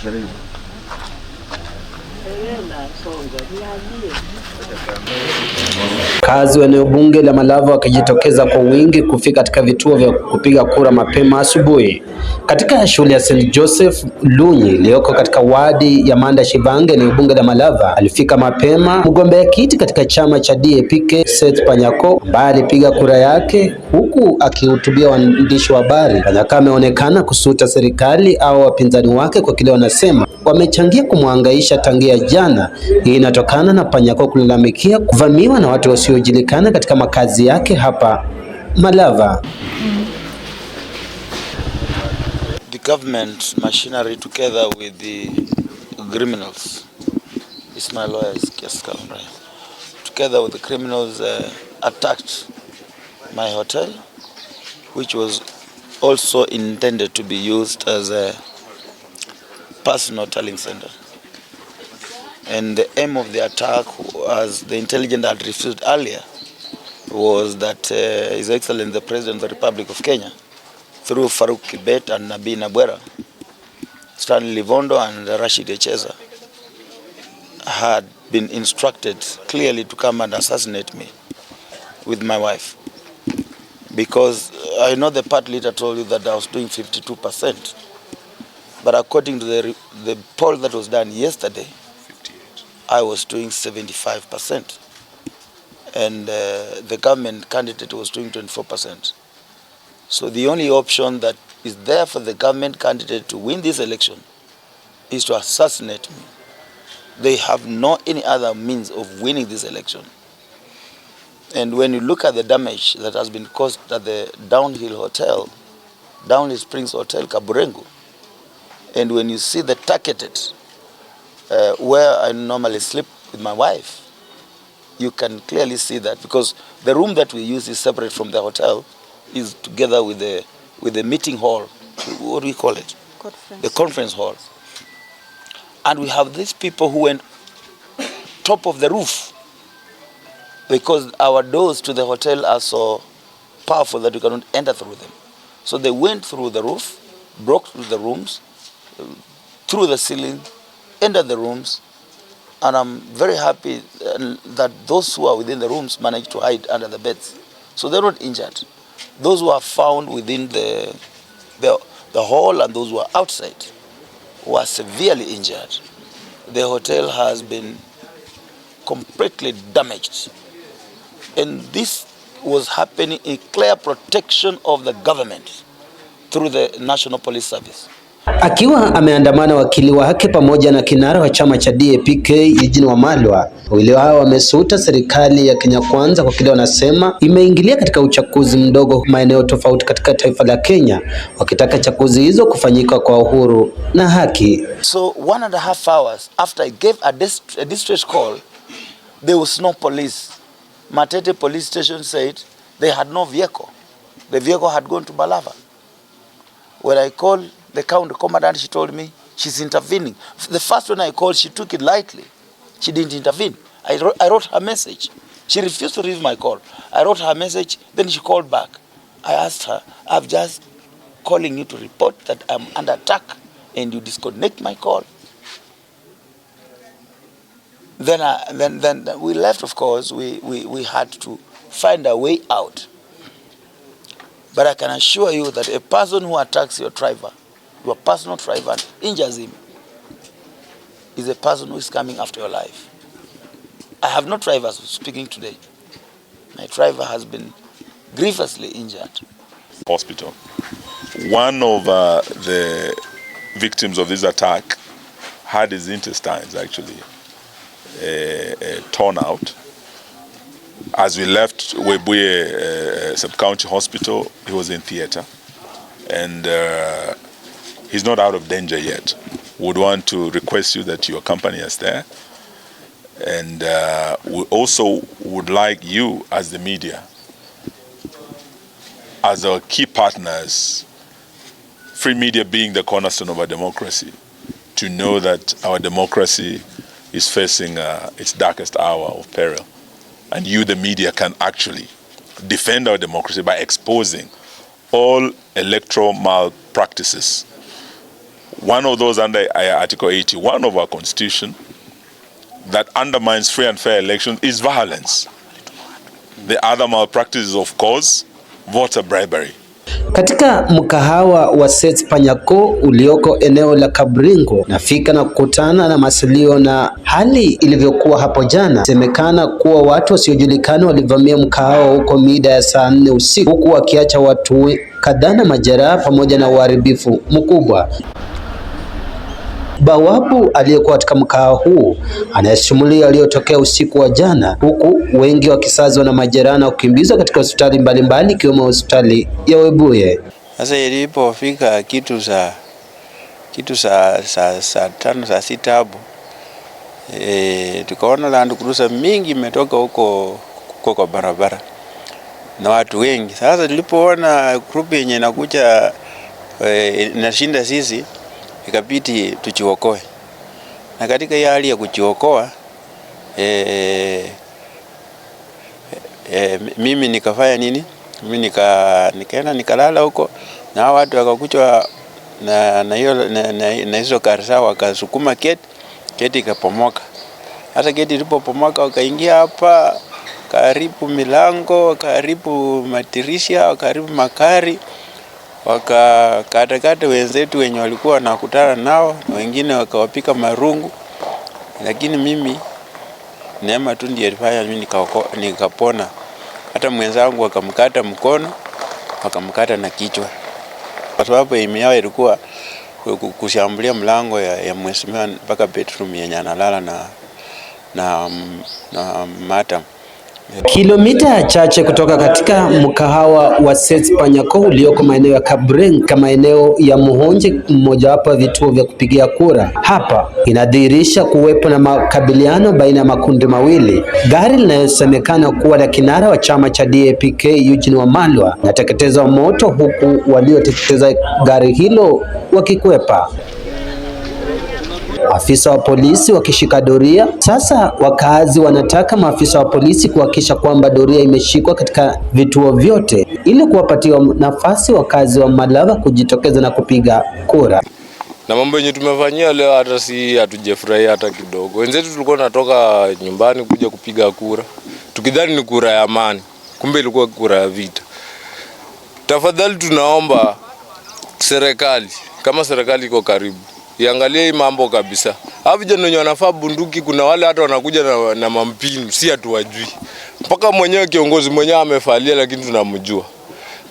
其实。Wakazi wa eneo bunge la Malava wakijitokeza kwa wingi kufika katika vituo vya kupiga kura mapema asubuhi. Katika shule ya St Joseph Lunyi iliyoko katika wadi ya Manda Shivange, eneo bunge la Malava, alifika mapema mgombea kiti katika chama cha dap Seth Panyako, ambaye alipiga kura yake huku akihutubia waandishi wa habari. Panyako ameonekana kusuta serikali au wapinzani wake kwa kile wanasema wamechangia kumwangaisha tangia jana. Hii inatokana na Panyako kulalamikia kuvamiwa na watu wasiojulikana katika makazi yake hapa Malava. The government machinery together with the criminals is my lawyers case together with the criminals uh, attacked my hotel which was also intended to be used as a personal telling center. And the aim of the attack, as the intelligence had refused earlier, was that uh, His Excellency the President of the Republic of Kenya, through Farouk Kibet and Nabi Nabwera, Stanley Livondo and Rashid Echeza, had been instructed clearly to come and assassinate me with my wife. Because uh, I know the part leader told you that I was doing 52% but according to the, the poll that was done yesterday, 58. I was doing 75% and uh, the government candidate was doing 24%. So the only option that is there for the government candidate to win this election is to assassinate me. They have no any other means of winning this election. And when you look at the damage that has been caused at the Downhill Hotel, Downhill Springs Hotel, Kaburengu, And when you see the targeted uh, where I normally sleep with my wife, you can clearly see that because the room that we use is separate from the hotel, is together with the, with the meeting hall. What do we call it? Conference. The conference hall. And we have these people who went top of the roof because our doors to the hotel are so powerful that you cannot enter through them. So they went through the roof, broke through the rooms, through the ceiling, enter the rooms, and I'm very happy uh, that those who are within the rooms managed to hide under the beds. So they're not injured. Those who are found within the, the, the hall and those who are outside were severely injured. The hotel has been completely damaged. And this was happening in clear protection of the government through the National Police Service. Akiwa ameandamana wakili wake pamoja na kinara wa chama cha DAP-K Eugene Wamalwa, wawili hao wamesuta serikali ya Kenya Kwanza kwa kile wanasema imeingilia katika uchaguzi mdogo maeneo tofauti katika taifa la Kenya, wakitaka chaguzi hizo kufanyika kwa uhuru na haki. So one and a half hours after I gave a distress call, there was no police. Matete police station said they had no vehicle. The vehicle had gone to Balava. When I called The county commandant, she told me she's intervening. The first one I called, she took it lightly. She didn't intervene. I wrote, I wrote her message. She refused to read my call. I wrote her message, then she called back. I asked her, I'm just calling you to report that I'm under attack and you disconnect my call. Then, I, then, then we left, of course. We, we, we had to find a way out. But I can assure you that a person who attacks your driver your personal driver injures him is a person who is coming after your life. I have no driver speaking today. My driver has been grievously injured. Hospital. One of uh, the victims of this attack had his intestines actually uh, uh, torn out. As we left Webuye uh, uh Sub-County Hospital, he was in theater. And uh, he's not out of danger yet, would want to request you that you accompany us there. And uh, we also would like you, as the media, as our key partners, free media being the cornerstone of our democracy, to know that our democracy is facing uh, its darkest hour of peril. And you, the media, can actually defend our democracy by exposing all electoral malpractices one of those under uh, Article 81 of our Constitution that undermines free and fair elections is violence. The other malpractice is of course voter bribery. Katika mkahawa wa Seth Panyako ulioko eneo la Kabringo, nafika na kukutana na masilio na hali ilivyokuwa hapo jana. Semekana kuwa watu wasiojulikana walivamia mkahawa huko mida ya saa nne usiku, huku wakiacha watu kadhaa na majeraha pamoja na uharibifu mkubwa. Bawabu aliyekuwa katika mkaa huu anayesimulia aliyotokea usiku wa jana, huku wengi wakisazwa na majeraha na kukimbizwa katika hospitali mbalimbali ikiwemo hospitali ya Webuye. Sasa ilipofika kitu za kitu saa sa, sa, tano saa sita hapo e, tukaona land cruiser mingi imetoka huko huko kwa barabara na watu wengi. Sasa tulipoona group yenye inakuja e, inashinda sisi ikabidi tujiokoe, na katika hii hali ya kujiokoa e, e, mimi nikafanya nini? Mimi nika nikaenda nikalala huko na watu wakakuchwa na na hiyo na, na, na hizo karsa wakasukuma keti, keti ikapomoka. Hata keti ilipopomoka wakaingia hapa, karibu milango, karibu madirisha, karibu makari wakakatakata wenzetu wenye walikuwa wanakutana nao, na wengine wakawapika marungu, lakini mimi neema tu ndiye alifanya mimi nikapona. Hata mwenzangu wakamkata mkono, wakamkata na kichwa, kwa sababu imi yao ilikuwa kushambulia mlango ya, ya mheshimiwa mpaka bedroom yenye analala na, na, na, na matam kilomita chache kutoka katika mkahawa wa Sets Panyako ulioko maeneo ya Kabreng kama eneo ya Muhonje, mmojawapo ya vituo vya kupigia kura hapa. Inadhihirisha kuwepo na makabiliano baina ya makundi mawili. Gari linayosemekana kuwa la kinara wa chama cha DAPK Eugene Wamalwa nateketezwa moto, huku walioteketeza gari hilo wakikwepa. Afisa wa polisi wakishika doria. Sasa wakaazi wanataka maafisa wa polisi kuhakikisha kwamba doria imeshikwa katika vituo vyote ili kuwapatia nafasi wakazi wa Malava kujitokeza na kupiga kura. Na mambo yenye tumefanyia leo hata si hatujafurahia hata kidogo. Wenzetu tulikuwa tunatoka nyumbani kuja kupiga kura tukidhani ni kura ya amani, kumbe ilikuwa kura ya vita. Tafadhali tunaomba serikali, kama serikali iko karibu iangalie hii mambo kabisa. Hawa vijana wenye wanafaa bunduki, kuna wale hata wanakuja na, na mampinu, si hatuwajui mpaka mwenyewe kiongozi mwenyewe amefalia, lakini tunamjua.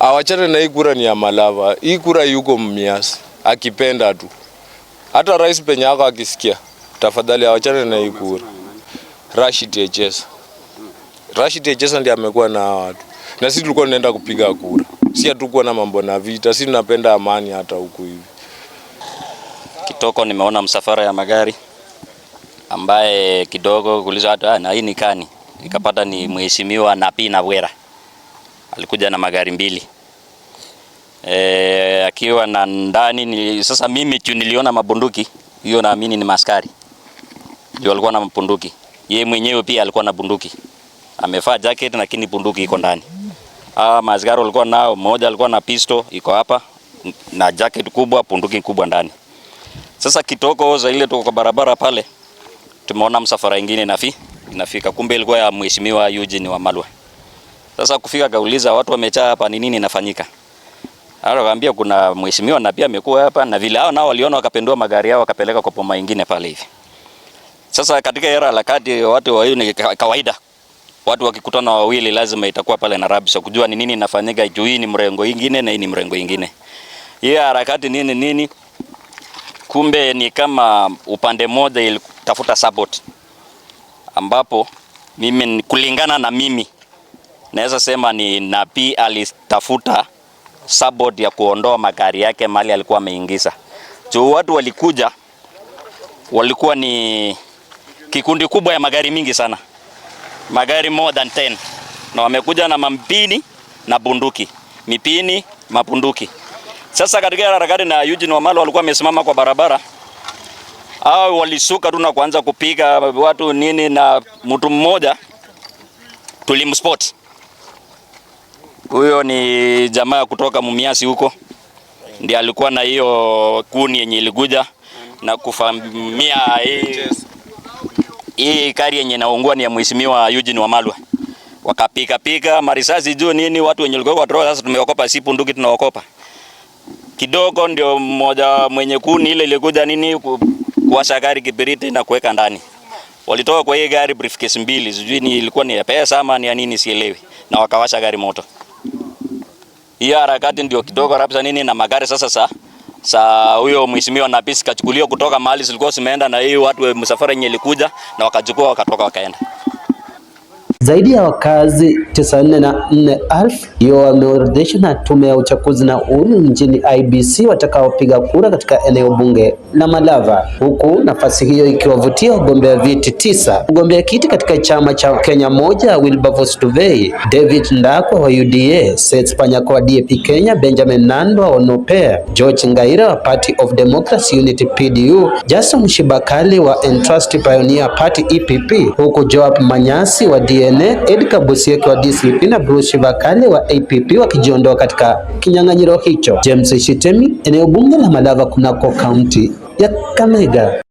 Awachane na hii kura, ni ya Malava hii kura, yuko mmiasi akipenda tu, hata rais penye yako akisikia, tafadhali awachane na hii kura. Rashid Echesa, Rashid Echesa ndiye amekuwa na watu na sisi tulikuwa tunaenda kupiga kura, si hatukuwa na mambo na vita. Sisi tunapenda amani hata huku hivi toko nimeona msafara ya magari ambaye kidogo kuuliza watu ah, na hii ni kani, nikapata ni mheshimiwa Napi Bwera alikuja na magari mbili e, akiwa na ndani ni, sasa mimi tu niliona mabunduki hiyo, naamini ni maskari ndio alikuwa na mabunduki. Yeye mwenyewe pia alikuwa na bunduki, amevaa jacket lakini bunduki iko ndani. Ah, maskari walikuwa nao, mmoja alikuwa na pistol iko hapa na jacket kubwa, bunduki kubwa ndani. Sasa kitoko za ile tuko kwa barabara pale, tumeona msafara ingine nafi inafika, kumbe ilikuwa ya mheshimiwa Eugene Wamalwa. Sasa kufika kauliza watu wamechaa hapa, ni nini inafanyika? Akaambia kuna mheshimiwa na pia amekuwa hapa, na vile hao nao waliona wakapendua magari yao wakapeleka kwa poma ingine pale hivi. Sasa katika era la kati, watu wa hiyo ni kawaida, watu wakikutana wawili lazima itakuwa pale na rabisha, kujua ni nini inafanyika, juu hii ni mrengo ingine na hii ni mrengo ingine, yeye yeah, harakati nini nini Kumbe ni kama upande mmoja ilitafuta support, ambapo mimi kulingana na mimi naweza sema ni Nabii alitafuta support ya kuondoa magari yake mali alikuwa ameingiza. Jo, watu walikuja walikuwa ni kikundi kubwa ya magari mingi sana, magari more than 10 na wamekuja na mapini na bunduki, mipini mabunduki sasa katika harakati na Eugene Wamalwa walikuwa wamesimama kwa barabara, hao walisuka tu na kuanza kupiga watu nini, na mtu mmoja tulimspot. Huyo ni jamaa kutoka Mumiasi huko, ndiye alikuwa na hiyo kuni yenye ilikuja na kufamia hii hii kari yenye naungua ni ya mheshimiwa Eugene Wamalwa wakapika pika marisasi juu nini, watu wenye walikuwa kwa sasa tumeokopa si punduki tunawakopa kidogo, ndio mmoja mwenye kuni ile ilikuja nini kuwasha gari kibiriti na kuweka ndani. Walitoka kwa hiyo gari briefcase mbili, sijui ni ilikuwa ni ya pesa ama ni ya nini sielewi, na wakawasha gari moto. Hiyo harakati ndio kidogo rabisa nini na magari sasa sa sa huyo mheshimiwa na bisi kachukuliwa kutoka mahali zilikuwa zimeenda na hiyo watu msafara yenye ilikuja na wakachukua wakatoka wakaenda. Zaidi ya wakazi 94,000 ndio wameorodheshwa na Tume ya Uchaguzi na Uhuru nchini IEBC watakaopiga kura katika eneo bunge la Malava, huku nafasi hiyo ikiwavutia wagombea viti tisa. Mgombea kiti katika chama cha Kenya Moja, Wilberforce Tuvei, David Ndakwa wa UDA, Seth Panyako wa DAP Kenya, Benjamin Nando wa Nopea, George Ngaira wa Party of Democracy Unity PDU, Jason Shibakali wa Entrust Pioneer Party EPP, huku Joab Manyasi wa DN Ene, Edgar Bosieke wa DCP na Bruce Bakale wa APP wakijiondoa katika kinyang'anyiro hicho. James Shitemi, eneo bunge la Malava kunako kaunti ya Kakamega.